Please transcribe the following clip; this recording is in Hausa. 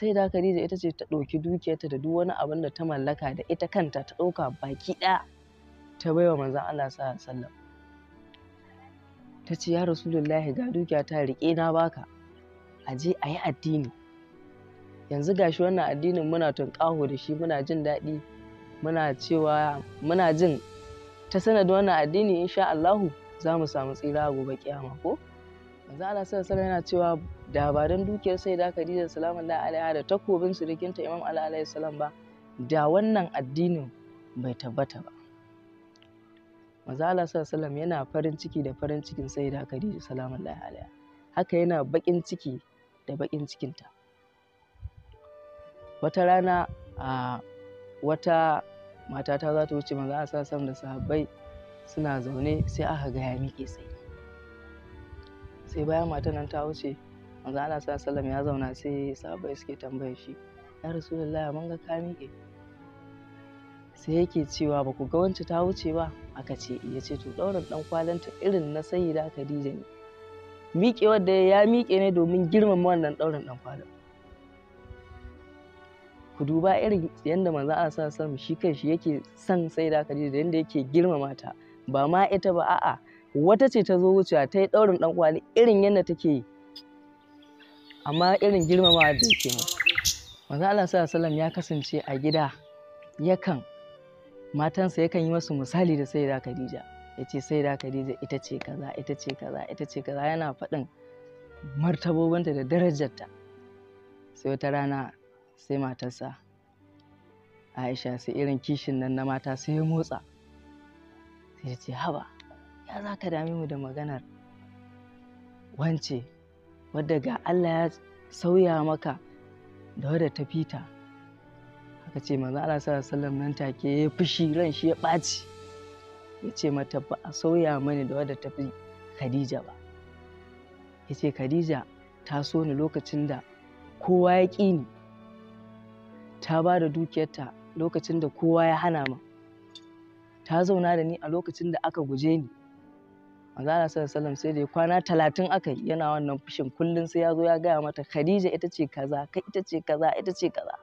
sai da Khadija ita ce ta ɗauki dukiyarta da duk wani abin da ta mallaka da ita kanta ta ɗauka baki ɗaya ta baiwa manzon Allah sallallahu alaihi wasallam ta ce ya rasulullahi ga dukiya ta riƙe na baka a je a yi addini yanzu gashi wannan addinin muna tunƙaho da shi muna jin daɗi muna cewa muna jin ta sanadin wannan addini insha Allahu za mu samu tsira gobe kiyama ko manzo Allah sallallahu alaihi yana cewa da ba don dukiyar sai da Khadija salamun Allah da takobin surikinta Imam Ali alaihi salam ba da wannan addinin bai tabbata ba manzo Allah sallallahu alaihi yana farin ciki da farin cikin sai da Khadija salamun Allah haka yana bakin ciki da bakin cikinta wata rana a wata matata za ta wuce manzo Allah sallallahu da sahabbai suna zaune sai aka ga ya miƙe sai sai bayan matan nan ta wuce manzo Allah sallallahu ya zauna sai sahabbai suke tambayar shi ya rasulullah mun ga ka miƙe sai yake cewa ba ku ga wance ta wuce ba aka ce ya ce to daurin dan kwalanta irin na sayyida Khadija ne miƙe wanda ya miƙe ne domin girmama wannan daurin dan kwalin ku duba irin yadda manzo Allah sallallahu alaihi shi kanshi yake son sayyida Khadija da yadda yake girmama ta ba ma ita ba a'a wata ce ta zo wucewa ta yi ɗaurin ɗan kwali irin yadda take yi amma irin girmama da yake mu manzo Allah sallallahu alaihi ya kasance a gida yakan matansa yakan yi masu misali da sayyida Khadija yace sayyida Khadija ita ce kaza ita ce kaza ita ce kaza yana faɗin martabobinta da darajarta sai wata rana sai matarsa Aisha sai irin kishin nan na mata sai ya motsa sai ta ce haba ya za ka dami mu da maganar wance wadda ga Allah ya sauya maka da wadda ta fita haka ce manzo Allah sallallahu alaihi wasallam nan take ya fushi ran shi ya ɓaci ya ce mata ba a sauya mani da wadda ta fi Khadija ba ya ce Khadija ta so ni lokacin da kowa ya ƙi ni ta ba da dukiyarta lokacin da kowa ya hana ma. ta zauna da ni a lokacin da aka guje ni manzala sallallahu sai da kwana talatin aka yana wannan fushin kullum sai ya zo ya gaya mata khadija ita ce kaza kai ita ce kaza ita ce kaza